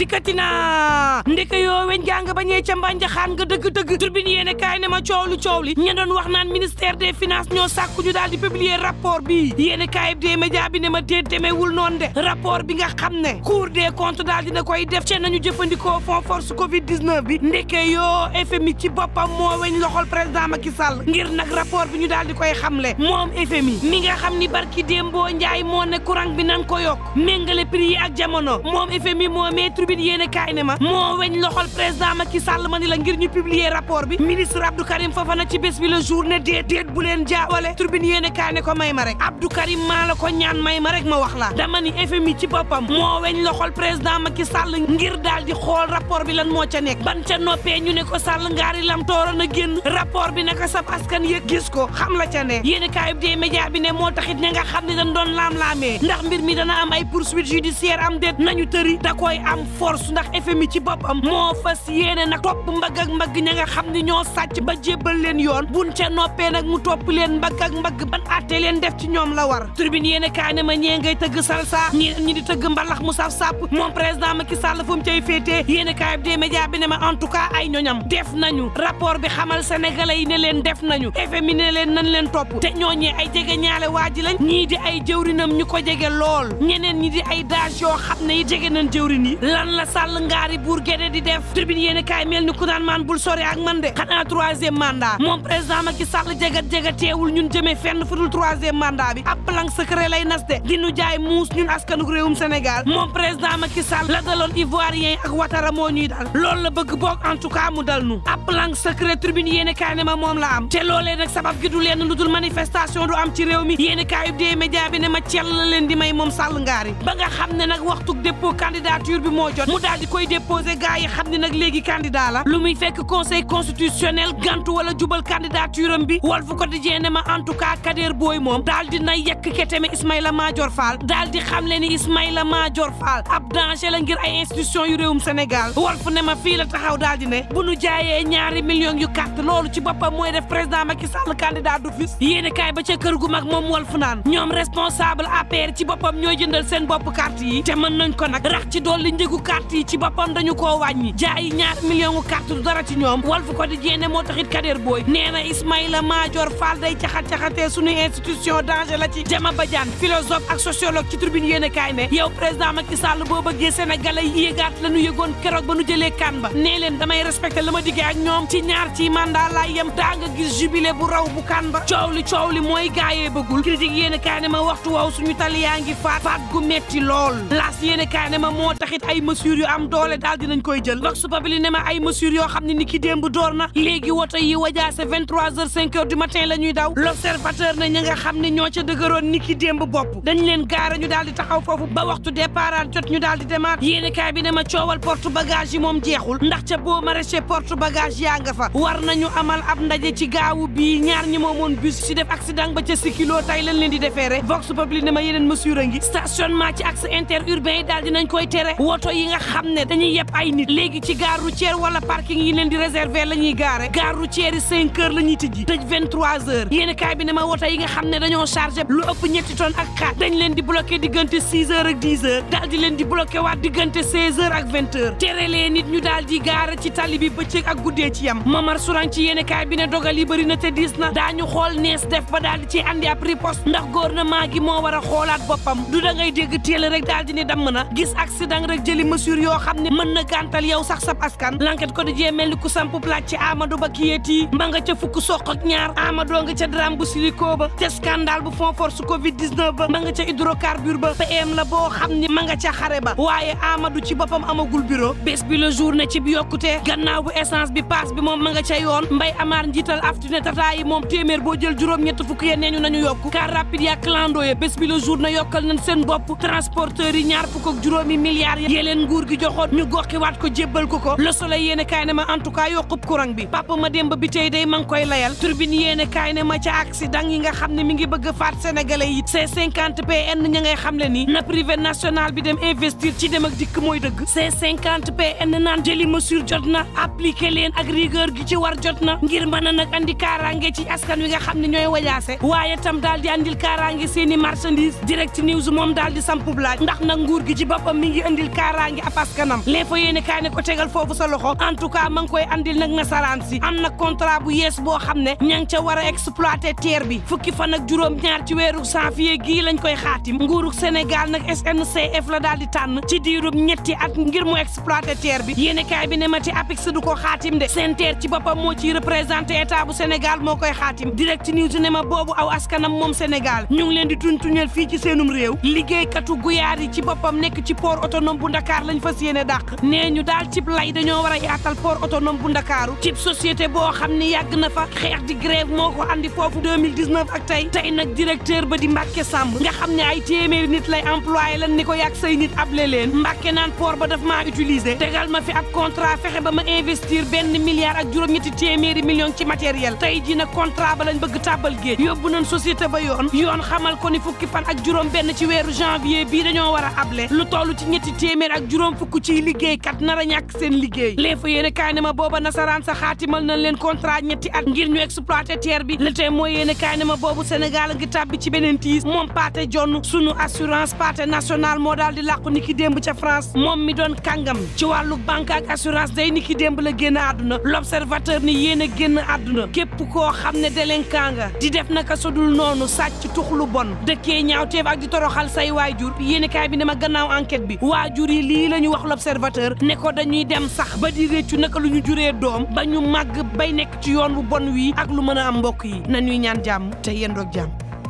dikkati na ndeke yoo weñ gaa nga bañee ca mbànjaxaan nga dëgg-dëgg turbine yéene kaay ne ma coow lu coow li ña doon wax naan ministère des finance ñoo sàkku ñu daal di publier rapport bi yéene kaay des médias ne ma déet demeewul noonu de rapport bi nga xam ne cour des comptes daal dina koy def ca nañu jëfandikoo fonds force covid 19 bi ndeke yoo FMI ci boppam moo weñ loxol président Macky Sall ngir nag rapport bi ñu daal di koy le moom FMI mi nga xam ni barki démboo njaay moo ne courant bi nan ko yokk méngale prix tribune yéen a kaay ma moo weñ loxol président Macky Sall ma ni la ngir ñu publier rapport bi ministre Abdou Karim Fofana ci bés bi la journée déet déet bu leen jaawale tribune yéen kaay ne ko may ma rek Abdou Karim maa la ko ñaan may ma rek ma wax la dama ni FMI ci boppam moo weñ loxol président Macky Sall ngir daal di xool rapport bi lan moo ca nekk ban ca noppee ñu ne ko Sall ngaari lam tooroon a génn rapport bi naka sab askan yëg gis ko xam la ca ne yéen a kaay bi dee média bi ne moo taxit ña nga xam ne dañ doon laam-laamee mbir mi dana am ay poursuite judiciaire am déet nañu tëri da koy am force ndax FMI ci boppam moo fas yéene nag topp mbagg ak mbagg ña nga xam ni ñoo sàcc ba jébbal leen yoon buñ ca noppee nag mu topp leen mbagg ak mbagg ban àtte leen def ci ñoom la war tribune yéen kaay ne ma ñee ngay tëgg salsa ñi ñi di tëgg mbalax mu saf sàpp moom président Macky Sall fu mu cay féetee yéen kaay bi dee média bi ne ma en tout cas ay ñoñam def nañu rapport bi xamal sénégalais yi ne leen def nañu FMI ne leen nañ leen topp te ñooñee ay jege ñaale waa ji lañ ñii di ay jëwrinam ñu ko jege lool ñeneen ñi di ay daaj yoo xam ne yi lan la sàll ngaari buur géde di def tribune yéen kaay mel ni ku maan bul sori ak man de xanaa troisième moom président Macky Sall jegat jegat teewul ñun jëmee fenn fudul troisième mandat bi ab plan secret lay nas di nu jaay muus ñun askanuk réewum Sénégal moom président Macky Sall la daloon ivoirien ak Ouattara moo ñuy dal loolu la bëgg boog en mu dal nu ab plan secret tribune yéen kaay ne ma moom la am te loolee nag sabab gi du leen lu mi yéen kaayub dee ma cell koo jot mu daal di koy déposé gars yi xam ne nag léegi candidat la lu muy fekk conseil constitutionnel gantu wala jubal candidature am bi Walf Quotidien ne ma en tout cas Kader Boy moom daal di na yekk keteme Ismaïla Madior Fall daal di xam leen ni Ismaïla Madior Fall ab danger la ngir ay institution yu réewum Sénégal Walf ne ma fii la taxaw daal di ne bu nu jaayee ñaari millions yu carte loolu ci boppam mooy def président Macky Sall candidat d'office yéene kaay ba ca kër gu mag moom Walf naan ñoom responsable APR ci boppam ñooy jëndal seen bopp carte yi te mën nañ ko nag rax ci dolli njëgu carte yi ci boppam dañu koo wàññi jaayi ñaar million u carte du dara ci ñoom Walf Quotidien ne moo taxit Kader Boy nee na Ismaïla Madior Fall day caxat-caxatee suñu institution danger la ci Jama Badiane philosophe ak sociologue ci tribune yéen a kaay ne yow président Macky Sall boo bëggee sénégalais yi yéegaat la yëgoon keroog ba nu jëlee kan ba nee leen damay respecté la ma diggee ak ñoom ci ñaar ci mandat laa yem daa nga gis jubilé bu raw bu kan ba a ma waxtu waaw suñu tali yaa ngi faat faat gu a mesures yu am doole daal dinañ koy jël vox populi ne ma ay mesures yoo xam ne ni ki démb door woto yi wajaase 23 heures 5 heures du matin la ñuy daw l'observateur ne ña nga xam ne ñoo ca dëgëroon ni ki démb bopp dañ leen gaara ñu daal di taxaw foofu ba waxtu départaat jot ñu daal di demaat yéene kaay bi ne ma coowal porte bagage yi moom jeexul ndax ca boo maraîcher porte bagage yaa nga fa war nañu amal ab ndaje ci gaawu bii ñaar ñi moomoon bus si def accident ba ca kilo tay lañ leen di defeere vox populi ne ma yeneen mesures a ngi stationnement yi nga xam ne dañuy yeb ay nit léegi ci gaar gare routière wala parking yi leen di réserver la ñuy gaare gare routière yi cinq la ñuy tijji tëj vingt-trois heures yéen bi ne ma woto yi nga xam ne dañoo chargé lu ëpp ñetti tonnes ak xaat dañ leen di bloqué diggante six heures ak dix heures daal di leen di bloqué waat diggante seize heures ak vingt heures tere nit ñu daal di gaare ci tali bi bëccëg ak guddee ci yam Mamar Sourang ci yéen bi ne dogal yi bëri na te diis na daañu xool nees def ba daal di ci andi ab riposte ndax gouvernement gi moo war a xoolaat boppam du da ngay dégg teel rek daal di ne damm na gis accident rek jëli mesures yoo xam ne mën na gàntal yow sax sab askan l'enquête ko di jee mel ni ku samp plaaj ci Amadou Ba kiyétii ma nga ca fukk soq ak ñaar Amadou nga ca drame bu siliko ba ca scandale bu fond covid 19 ba ma nga ca hydrocarbure ba PM la boo xam ne ma nga ca xare ba waaye Amadou ci boppam amagul bureau bés bi le jour ne ci bi yokkutee gannaaw bu essence bi paas bi moom ma nga ca yoon Mbaye Amar njiital aftine tataa yi moom téeméer boo jël juróom ñett fukk ya neeñu nañu yokku car rapide ya clando ya na seen bopp transporteurs yi ñaar fukk ak juróomi nguur gi joxoon ñu waat ko jébbal ko ko le soleil yéen a ma en tout cas yokkub courant bi papa ma démb bi tey day ma ngi koy layal turbine yéen a kaay ne ma ca accident yi nga xam ne mi ngi bëgg a faat sénégalais yi C50 PN ña ngay xam le ni na privé national bi dem investir ci dem dikk mooy dëgg C50 PN naan jëli mesure jot na appliqué leen ak rigueur gi ci war jot na ngir mën a nag andi kaaraange ci askan wi nga xam ne ñooy wajaase waaye tam daal di andil kaaraange seen i marchandise direct news moom daal di sampublaaj ndax nag nguur gi ci boppam mi ngi andil kaaraange yaa ngi apaskanam les fa yéene kaay ne ko tegal foofu sa loxo en tout cas ma ngi koy andil nag nasaraan si am na contrat bu yees boo xam ne ña ngi ca war a exploiter terre bi fukki fan ak juróom ñaar ci weeru janvier gii lañ koy xaatim nguurug Sénégal nag SNCF la daal di tànn ci diirub ñetti at ngir mu exploiter bi yéene kaay bi ne ma ti APIX du ko xaatim de seen terre ci boppam moo ciy représenté état bu Sénégal moo koy xaatim direct news ne ma boobu aw askanam moom Sénégal ñu ngi leen di tuntuñal fii ci seenum réew liggéeykatu guyaar yi ci boppam nekk ci Dakar lañ fas yéene dàq nee ñu daal cib lay dañoo war a yaatal port autonome bu Ndakaaru cib société boo xam ni yàgg na fa xeex di grève moo ko andi foofu 2019 ak tey tey nag directeur ba di Mbacke Samb nga xam ne ay téeméeri nit lay employé lan ni ko yàgg say nit able leen Mbacke naan port ba daf maa utiliser tegal ma fi ak contrat fexe ba ma investir benn milliard ak juróom-ñetti téeméeri million ci matériel tey jii nag contrat ba lañ bëgg tàbbal géej yóbbu nañ société ba yoon yoon xamal ko ni fukki fan ak juróom benn ci weeru janvier bii dañoo war a able lu toll ci ñetti téeméer juróom fukk ciy liggéeykat nar a ñàkk seen liggéey l'info yéene kaay ma booba nasaraan sa xaatimal nañ leen contrat ñetti at ngir ñu exploité terre bi le tey mooy yéene kaay ne ma boobu Sénégal ngi tàbbi ci beneen tiis moom paate jonn sunu assurance paate national moo daal di làqu ni ki démb ca France moom mi doon kàngam ci wàllu banque ak assurance day ni ki démb la génn àdduna l'observateur ni yéen a génn adduna képp koo xam ne délinquant nga di def naka sodul noonu sàcc tux lu bon dëkkee ñaawteef ak toroxal say waajur yéene kaay bi ne ma gannaaw enquête bi waajur yi lii la ñu wax l'observateur ne ko dañuy dem sax ba di réccu naka lu ñu juree doom ba ñu màgg bay nekk ci yoon bu bon wii ak lu mën a am mbokk yi nañuy ñaan jàmm te yendoog jàmm